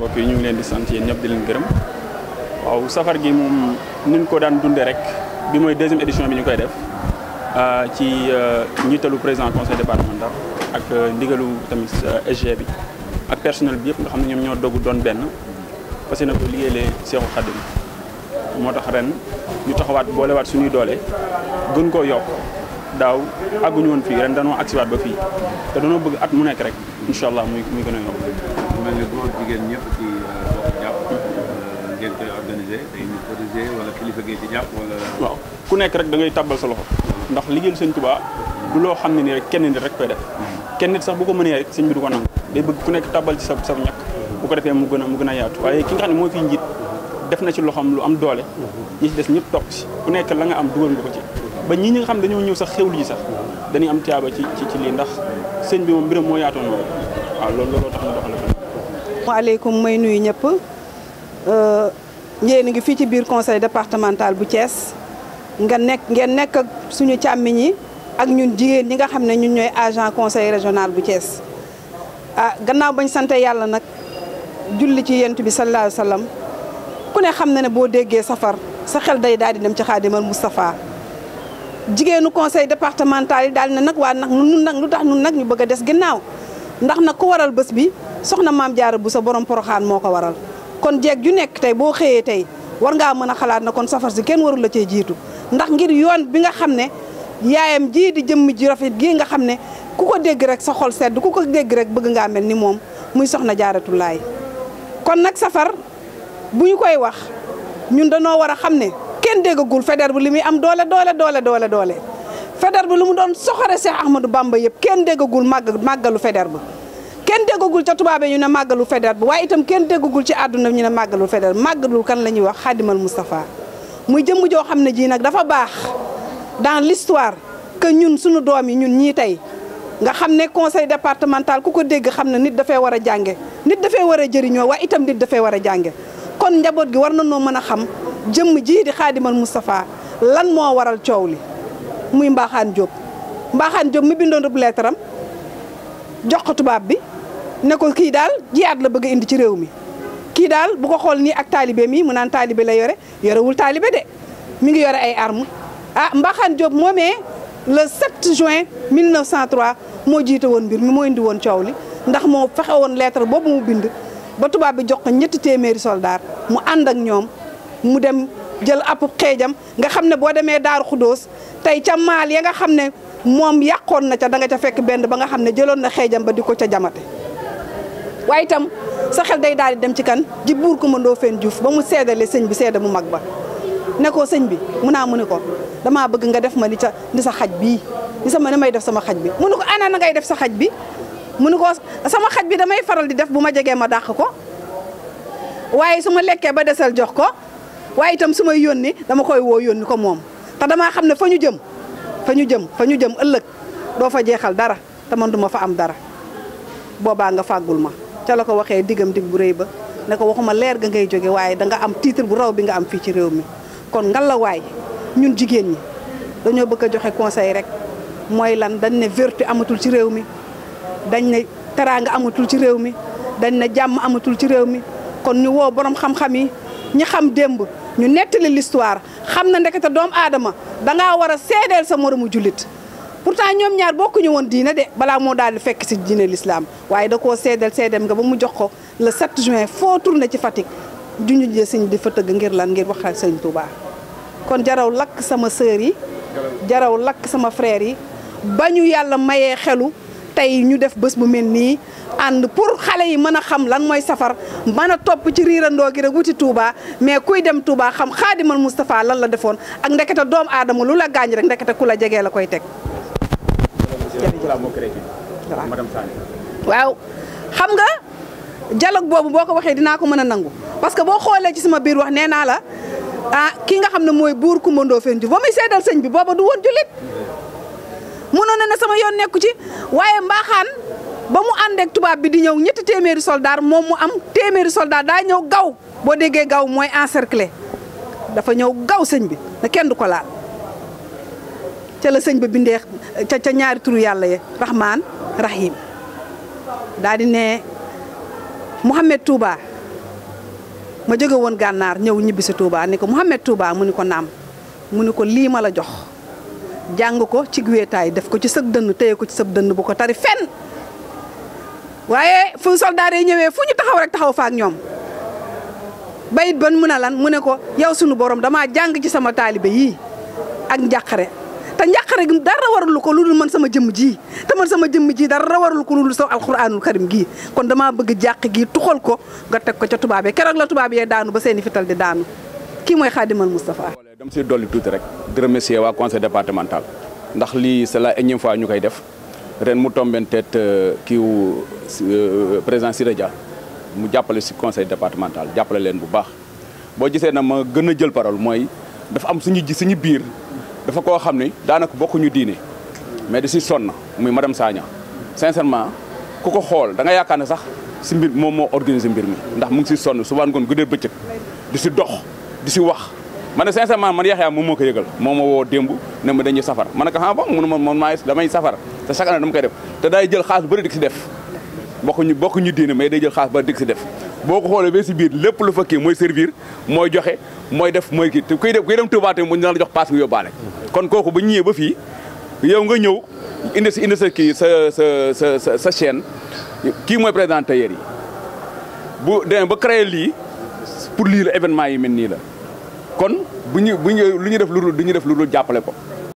mbokk yi ñu ngi leen di sant yéen ñëpp di leen gërëm waaw safar gi moom niñ ko daan dundee rek bi mooy deuxième édition bi ñu koy def euh, ci euh, njiitalu président conseil départemental ak euh, ndigalu tamit SG bi ak personnel bi yëpp nga ne ñoom ñoo dogu doon benn parce que na ko liggéeyee Seexu Xadim moo tax ren ñu taxawaat boolewaat suñuy doole gën koo yokk daaw àgguñu woon fii ren danoo agsiwaat ba fii te danoo bëgg at mu nekk rek incha allah muy muy gën a yokk mel ne góor jigéen ñëpp ci euh, bokk jàpp euh, ngeen koy organisé day autorisé wala waaw ku nekk rek da ngay tàbbal sa loxo ndax liggéeyal sëñ Tuubaa du loo xam ne nii rek kenn nit rek koy def kenn nit sax bu ko mënee rek sëñ bi du ko nangu day bëgg ku nekk tàbbal ci sa sa ñàkk bu ko defee mu gën a mu gën a waaye ki nga xam ne mooy fii njiit def na ci loxoom lu am doole ñi ci des ñëpp topp si ku nekk la nga am dugal nga ko ci ba ñii ñi nga xam dañoo ñëw sax xewlu ji sax dañuy am tiyaaba ci ci ci lii ndax sëñ bi moom mbiram moo yaatoo noonu waaw loolu looloo asalaamaaleykum may nuy ñëpp euh, yéen ngi fii ci biir conseil départemental bu cees nga nekk ngeen nekk ak suñu càmmiñ yi ak ñun jigéen ñi nga xam ne ñun ñooy agent conseil régional bu cees ah gannaaw bañ sante yàlla nag julli ci yent bi sallallahu alayhi wa ku ne xam ne ne boo déggee safar sa xel day daal di dem ci xaadimal Moustapha jigéenu conseil départemental yi daal di ne nag waa nag nun nag lu tax nun nag ñu bëgg a des ginnaaw ndax nag ku waral bés bi soxna maam jaara bu sa borom poroxaan moo ko waral kon jeeg ju nekk tey boo xëyee tey war ngaa mën a xalaat na kon safar si kenn warul la cee jiitu ndax ngir yoon bi nga xam ne yaayam ji di jëmm ji rafet gii nga xam ne ku ko dégg rek sa xol sedd ku ko dégg rek bëgg ngaa mel ni moom muy soxna jaaratulaay kon nag safar bu ñu koy wax ñun danoo war a xam ne kenn déggagul feder bu li muy am doole doole doole doole doole feder bu lu mu doon soxore Seex Ahmadou Bamba yëpp kenn déggagul màgg màggalu feder ba kenn déggagul ca tubaabee ñu ne màggalu Faidherbe bu waaye itam kenn ci àdduna ñu ne màggalu Faidherbe kan la ñuy wax xaadimal Moustapha muy jëmm joo xam ne jii nag dafa baax dans l'histoire que ñun suñu doom yi ñun ñii tey nga xam ne conseil départemental ku ko dégg xam ne nit dafay war a jànge nit dafay war a jëriñoo waaye itam nit dafay war a jànge kon njaboot gi war na noo mën a xam jëmm jii di xaadimal Moustapha lan moo waral coow li muy Mbaxaan Diop Mbaxaan Diop mi bindoon rëbb leetaram jox ko tubaab bi ne ko kii daal jiyaat la bëgg a indi ci réew mi kii daal bu ko xool nii ak taalibe mi mu naan taalibe la yore yorewul taalibe de mi ngi yore ay arm ah Mbaxane Diop moomee le 7 juin 1903 moo jiite woon mbir mi moo indi woon coow li ndax moo fexe woon boobu mu bind ba tubaab bi jox ko ñetti téeméeri soldaar mu ànd ak ñoom mu dem jël ab xeejam nga xam ne boo demee Daaru Xudóos tey ca maal ya nga xam ne moom yàqoon na ca danga ca fekk benn ba nga xam ne jëloon na xeejam ba di ko ca jamate waaye itam sa xel day daal di dem ci kan di buur ko mëndoo fen Diouf ba mu seedale sëñ bi seede mu mag ba ne ko sëñ bi mu naa mu ne ko damaa bëgg nga def ma li ca li sa xaj bi bii sa ma ne may def sama xaj bi mu ne ko ana na ngay def sa xaj bi mu ne ko sama xaj bi damay faral di def bu ma jegee ma dàq ko waaye su ma lekkee ba desal jox ko waaye itam su may yónni dama koy woo yónni ko moom te damaa xam ne fa ñu jëm fa ñu jëm fa ñu jëm ëllëg doo fa jeexal dara te man fa am dara boobaa nga fàggul ma ca la ko waxee diggam dig bu rëy ba ne ko waxuma leer ga ngay jóge waaye da nga am titre bu raw bi nga am fii ci réew mi kon waay ñun jigéen ñi dañoo bëgg a joxe conseil rek mooy lan dañ ne vertu amatul ci réew mi dañ ne teraanga amatul ci réew mi dañ ne jàmm amatul ci réew mi kon ñu woo boroom xam-xam yi ñi xam démb ñu nettali l'histoire xam na ndekete doomu aadama dangaa war a seedeel sa moromu jullit pour pourtant ñoom ñaar bokkuñu woon diine de balaa moo daal di fekk si diine l'islam waaye da koo seedal seedem nga ba mu jox ko le 7 juin foo tourné ci Fatick ñu jee sëñ di fa tëgg ngir lan ngir a sëñ Touba kon jaraw lakk sama sœur yi jaraw lakk sama frère yi ba ñu yàlla mayee xelu tey ñu def bés bu mel nii ànd pour xale yi mën a xam lan mooy safar mën a topp ci riirandoo gi rek wuti Touba mais kuy dem Touba xam xaadimal Moustapha lan la defoon ak ndekete doom aadama lu la gaañ rek ndekete ku la jegee la koy teg waaw xam nga dialogue boobu boo ko waxee dinaa ko mën a nangu parce que boo xoolee ci sama biir wax nee naa la ah ki nga xam ne mooy buur Coumba Ndoffène Diouf ba muy seedal sëñ bi booba du woon jullit mënoon na ne sama yoon nekku ci waaye mbaaxaan ba mu ànd tubaab bi di ñëw ñetti téeméeri soldat moom mu am téeméeri soldat daa ñëw gaw boo déggee gaw mooy encercler dafa ñëw gaw sëñ bi ne kenn du ko laal. ca la sëñ ba bindee ca ca ñaari turu yàlla ye rahmaan rahim daal di ne Mouhamed Touba ma jóge woon gànnaar ñëw ñibbi si Touba ni ko Mouhamed Touba mu ne ko naam mu ni ko lii ma la jox jàng ko ci wéetaay def ko ci sëb dënn téye ko ci sëb dënn bu ko tari fenn waaye fu soldaar ñëwee fu ñu taxaw rek taxaw fa ñoom bayit ba mu a lan mu ne ko yow sunu borom damaa jàng ci sama taalibe yii ak njàqare te njàqare gi dara warul ko lu dul man sama jëmm ji te man sama jëmm ji dara warul ko lu dul saw alxuraanul karim gii kon damaa bëgg jàq gii tuxal ko nga teg ko ca tubaab yi keroog la tubaab yee daanu ba seeni fital di daanu kii mooy xaadimal Moustapha. dama si dolli tuuti rek di remercier waa conseil départemental ndax lii c'est la énième fois ñu koy def ren mu tombeen tête euh, kiiw euh, président Siré Dia mu jàppale si conseil départemental jàppale leen bu baax boo gisee na ma gën a jël parole mooy dafa am suñu ji suñu biir. dafa koo xam ni daanaka bokkuñu diine mais di si sonn muy ma madame Sagna sincèrement ku ko xool da yaakaar ne sax si mbir moom moo organisé mbir mi ndax mu ngi si sonn subaa ngoon guddee bëccëg di si dox di si wax ma ne sincèrement man Yaxya moom moo ko yëgal moom moo woo démb ne ma dañuy safar ma ne ko ah bon mu ne ma damay safar te chaque année dama koy def te day jël xaalis bëri di si def bokkuñu bokkuñu diine mais day jël xaalis bëri di def boo ko xoolee ba si biir lépp lu fa kii mooy servir mooy joxe mooy def mooy kii te kuy dem kuy dem Touba tamit mu ñu la jox paas nga yóbbaale. kon kooku bu ñëwee ba fii yow nga ñëw indi si indi sa kii sa sa sa sa sa chaîne kii mooy président tailleur yi bu demee ba créé lii pour lii la événement yi mel nii la kon bu ñu bu ñu lu ñu def lu dul du ñu def lu jàppale ko.